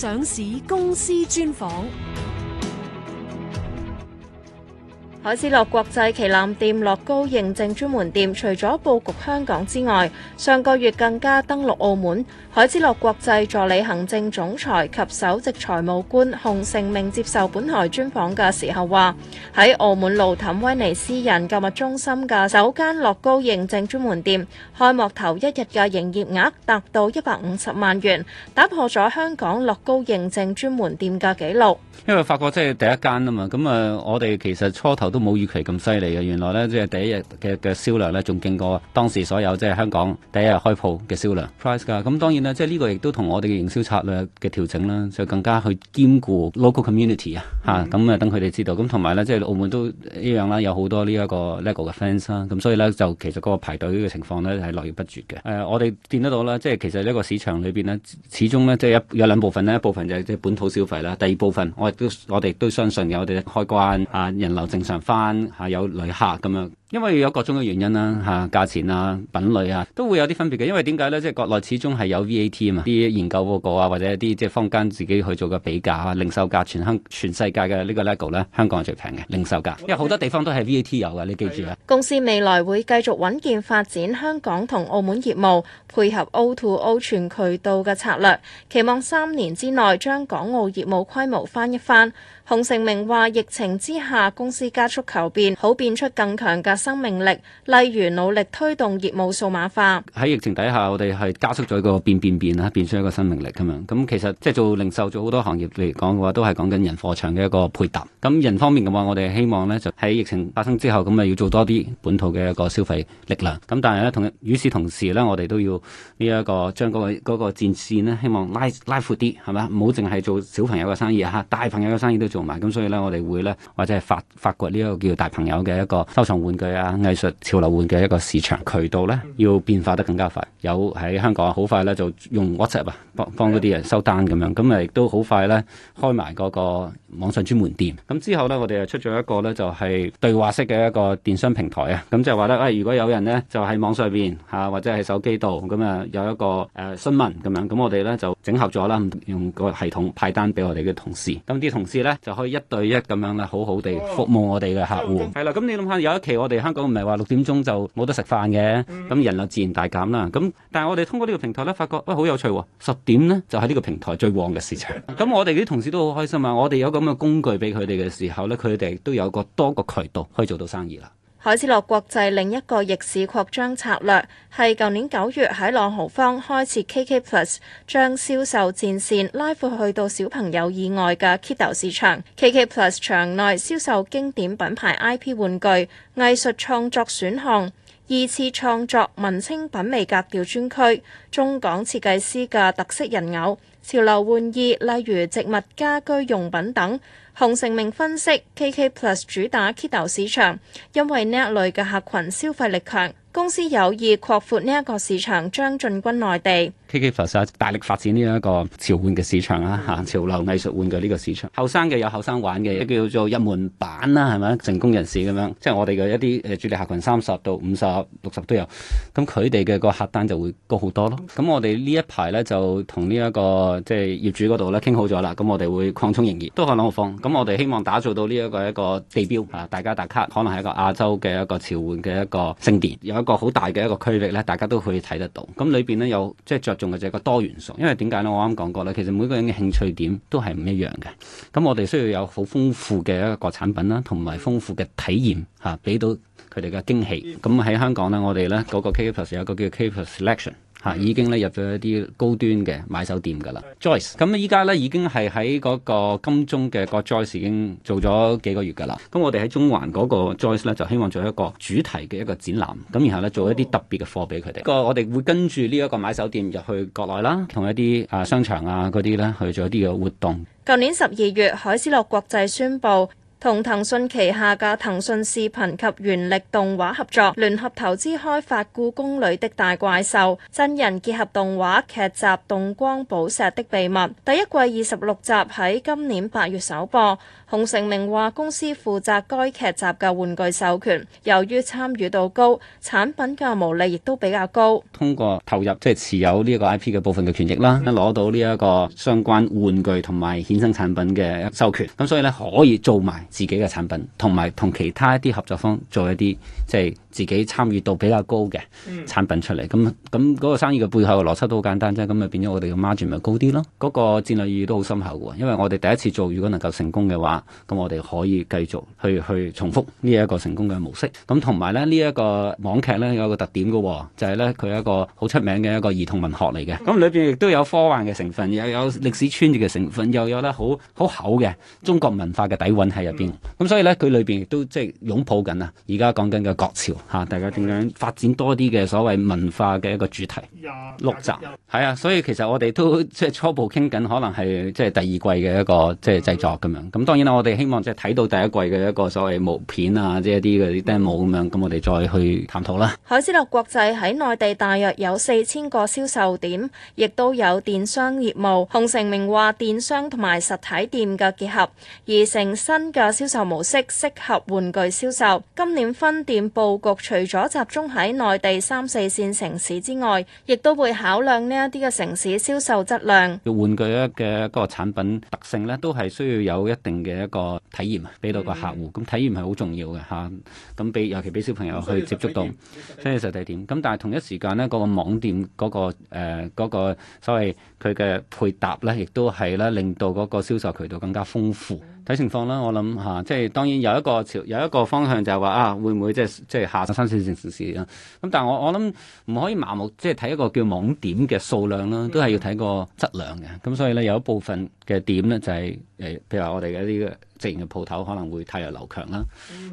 上市公司專訪。凱知樂國際旗艦店樂高認證專門店除咗布局香港之外，上個月更加登陸澳門。凱知樂國際助理行政總裁及首席財務官洪誠明接受本台專訪嘅時候話：喺澳門路氹威尼斯人購物中心嘅首間樂高認證專門店開幕頭一日嘅營業額達到一百五十萬元，打破咗香港樂高認證專門店嘅紀錄。因為法國即係第一間啊嘛，咁啊，我哋其實初頭。都冇預期咁犀利嘅，原來咧即係第一日嘅嘅銷量咧，仲勁過當時所有即係香港第一日開鋪嘅銷量 price 㗎。咁當然啦，即係呢個亦都同我哋嘅營銷策略嘅調整啦，就更加去兼顧 local community、嗯、啊，咁啊等佢哋知道。咁同埋咧，即係澳門都一樣啦，有好多呢一個 Lego 嘅 fans、啊。咁所以咧，就其實嗰個排隊嘅情況咧係來源不絕嘅、呃。我哋見得到啦，即係其實呢個市場裏邊咧，始終咧即係有有兩部分呢，一部分就係即係本土消費啦，第二部分我亦都我哋都相信嘅，我哋嘅開關啊人流正常。翻嚇有旅客咁樣。因為有各種嘅原因啦、啊，嚇、啊、價錢啊、品類啊，都會有啲分別嘅。因為點解呢？即係國內始終係有 VAT 啊嘛，啲研究報告啊，或者一啲即係坊間自己去做個比價啊，零售價全香全世界嘅呢個 level 呢，香港係最平嘅零售價。因為好多地方都係 VAT 有嘅，你記住啊。公司未來會繼續穩健發展香港同澳門業務，配合 O to O 全渠道嘅策略，期望三年之內將港澳業務規模翻一番。洪誠明話：疫情之下，公司加速求變，好變出更強嘅生命力，例如努力推動業務數碼化。喺疫情底下，我哋係加速咗一個變變變啦，變出一個生命力咁樣。咁其實即係做零售做好多行業嚟講嘅話，都係講緊人貨場嘅一個配搭。咁人方面嘅話，我哋希望咧就喺疫情發生之後，咁咪要做多啲本土嘅一個消費力量。咁但係咧同與此同時咧，我哋都要呢一個將嗰個嗰個戰線咧，希望拉拉闊啲，係咪啊？唔好淨係做小朋友嘅生意吓，大朋友嘅生意都做埋。咁所以咧，我哋會咧或者係發發掘呢一個叫大朋友嘅一個收藏玩具。係啊，藝術潮流換嘅一個市場渠道咧，要變化得更加快。有喺香港好快咧就用 WhatsApp 啊，幫幫啲人收單咁樣，咁啊，亦都好快咧開埋嗰個網上專門店。咁之後咧，我哋又出咗一個咧，就係對話式嘅一個電商平台啊。咁就話咧，誒、哎，如果有人咧就喺網上邊吓或者係手機度，咁啊有一個誒詢問咁樣，咁我哋咧就整合咗啦，用個系統派單俾我哋嘅同事。咁啲同事咧就可以一對一咁樣咧好好地服務我哋嘅客戶。係啦，咁你諗下，有一期我哋。香港唔係話六點鐘就冇得食飯嘅，咁人流自然大減啦。咁但係我哋通過呢個平台咧，發覺喂，哎，好有趣啊，十點咧就喺呢個平台最旺嘅市場。咁我哋啲同事都好開心啊！我哋有咁嘅工具俾佢哋嘅時候咧，佢哋都有個多個渠道可以做到生意啦。凱知樂國際另一個逆市擴張策略係舊年九月喺朗豪坊開設 KK Plus，將銷售戰線拉闊去到小朋友以外嘅 Kidult 市場。KK Plus 場內銷售經典品牌 IP 玩具、藝術創作選項、二次創作、文青品味格調專區、中港設計師嘅特色人偶。潮流玩意，例如植物家居用品等。洪誠明分析，KK Plus 主打 Kido 市場，因為呢一類嘅客群消費力強，公司有意擴闊呢一個市場，將進軍內地。KK Plus 啊，大力發展呢一個潮玩嘅市場啦，吓潮流藝術玩嘅呢個市場。後生嘅有後生玩嘅，叫做入門版啦，係咪？成功人士咁樣，即係我哋嘅一啲誒主力客群三十到五十、六十都有，咁佢哋嘅個客單就會高好多咯。咁我哋呢一排咧就同呢一個。即係業主嗰度咧傾好咗啦，咁我哋會擴充營業，多看兩個方。咁我哋希望打造到呢一個一個地標嚇，大家打卡可能係一個亞洲嘅一個潮玩嘅一個聖殿，有一個好大嘅一個區域呢，大家都可以睇得到。咁裏面呢有即係着重嘅就係個多元素。因為點解呢？我啱講過呢，其實每個人嘅興趣點都係唔一樣嘅。咁我哋需要有好豐富嘅一個產品啦，同埋豐富嘅體驗嚇，俾到佢哋嘅驚喜。咁喺香港呢，我哋呢嗰個 kkplus 有一個叫 kkplus Selection。Selection, 嚇、啊、已經咧入咗一啲高端嘅買手店㗎啦，Joyce。咁依家咧已經係喺嗰個金鐘嘅個 Joyce 已經做咗幾個月㗎啦。咁我哋喺中環嗰個 Joyce 咧就希望做一個主題嘅一個展覽，咁然後咧做一啲特別嘅貨俾佢哋。個、嗯、我哋會跟住呢一個買手店入去國內啦，同一啲啊商場啊嗰啲咧去做一啲嘅活動。舊年十二月，凱知樂國際宣布，同騰訊旗下嘅騰訊視頻及原力動畫合作，聯合投資開發《故宮裏的大怪獸》，真人結合動畫劇集《動光寶石的秘密》，第一季二十六集喺今年八月首播。洪誠明話：公司負責該劇集嘅玩具授權，由於參與度高，產品嘅毛利亦都比較高。通過投入即係、就是、持有呢個 IP 嘅部分嘅權益啦，攞到呢一個相關玩具同埋衍生產品嘅授權，咁所以呢，可以做埋。自己嘅產品，同埋同其他一啲合作方做一啲即係自己參與度比較高嘅產品出嚟。咁咁嗰個生意嘅背後嘅邏輯都好簡單啫。咁咪變咗我哋嘅 margin 咪高啲咯。嗰、那個戰略意義都好深厚嘅。因為我哋第一次做，如果能夠成功嘅話，咁我哋可以繼續去去重複呢一個成功嘅模式。咁同埋咧，呢、這、一個網劇咧有一個特點嘅、哦，就係咧佢係一個好出名嘅一個兒童文學嚟嘅。咁裏面亦都有科幻嘅成分，又有歷史穿越嘅成分，又有咧好好厚嘅中國文化嘅底蘊喺入面。咁所以咧，佢裏邊亦都即係擁抱緊啊！而家講緊嘅國潮嚇、啊，大家點樣發展多啲嘅所謂文化嘅一個主題？六集係啊，所以其實我哋都即係初步傾緊，可能係即係第二季嘅一個即係製作咁樣。咁當然啦，我哋希望即係睇到第一季嘅一個所謂毛片啊，即係一啲嘅啲 demo 咁樣，咁我哋再去探討啦。凱知樂國際喺內地大約有四千個銷售點，亦都有電商業務。洪誠明話：電商同埋實體店嘅結合而成新嘅銷售模式適合玩具銷售。今年分店布局除咗集中喺內地三四線城市之外，亦都會考量呢一啲嘅城市銷售質量。玩具嘅嗰個產品特性咧，都係需要有一定嘅一個體驗，俾到個客戶。咁體驗係好重要嘅吓。咁俾尤其俾小朋友去接觸到，即係實體店。咁但係同一時間咧，個網店嗰個誒嗰個所謂佢嘅配搭咧，亦都係咧令到嗰個銷售渠道更加豐富。睇情況啦，我諗嚇、啊，即係當然有一個潮，有一個方向就係話啊，會唔會即係即係下三線城市啊？咁但係我我諗唔可以盲目，即係睇一個叫網點嘅數量啦，都係要睇個質量嘅。咁所以咧有一部分嘅點咧就係、是、誒，譬如話我哋嘅呢個。直營嘅鋪頭可能會汰弱留強啦，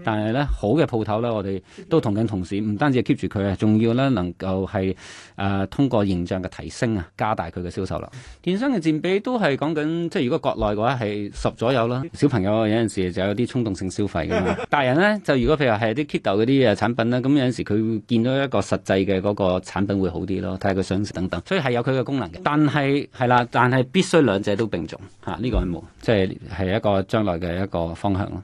但係咧好嘅鋪頭咧，我哋都同緊同事，唔單止 keep 住佢啊，仲要咧能夠係、呃、通過形象嘅提升啊，加大佢嘅銷售量。電商嘅佔比都係講緊，即係如果國內嘅話係十左右啦。小朋友有陣時就有啲衝動性消費㗎嘛。大人咧就如果譬如係啲 Kiddo 嗰啲誒產品啦，咁有陣時佢見到一個實際嘅嗰個產品會好啲咯，睇下佢想等等。所以係有佢嘅功能嘅，但係係啦，但係必須兩者都並重呢、啊呢個係冇，即係係一個將來嘅。一個方向咯。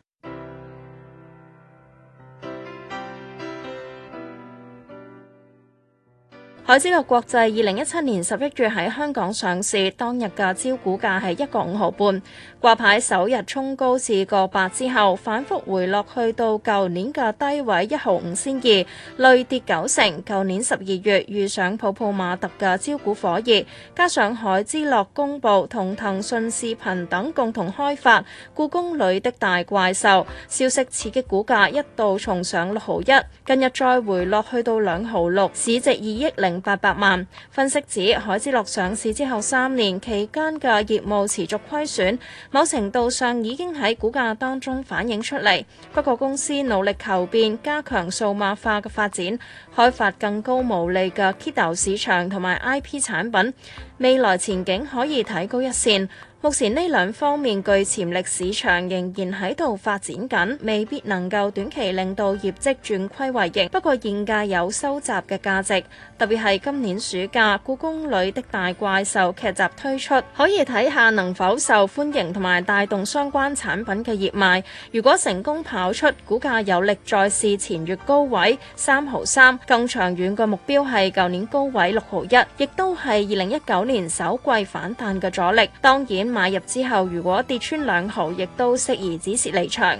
凱知樂國際二零一七年十一月喺香港上市，當日嘅招股價係一個五毫半，掛牌首日衝高至個八之後，反復回落去到舊年嘅低位一毫五仙二，累跌九成。舊年十二月遇上《泡泡馬特》嘅招股火熱，加上凱知樂公布同騰訊視頻等共同開發《故宮裡的大怪獸》，消息刺激股價一度重上六毫一，近日再回落去到兩毫六，市值二億零。八百萬分析指，凱知樂上市之後三年期間嘅業務持續虧損，某程度上已經喺股價當中反映出嚟。不過公司努力求變，加強數碼化嘅發展，開發更高毛利嘅 Kidult 市場同埋 IP 產品，未來前景可以睇高一線。目前呢兩方面具潛力市場仍然喺度發展緊，未必能夠短期令到業績轉虧為盈。不過現價有收集嘅價值，特別係今年暑假故宮裡的大怪獸劇集推出，可以睇下能否受歡迎同埋帶動相關產品嘅熱賣。如果成功跑出，股價有力再試前月高位三毫三，更長遠嘅目標係舊年高位六毫一，亦都係二零一九年首季反彈嘅阻力。當然。買入之後，如果跌穿兩毫，亦都適宜止蝕離場。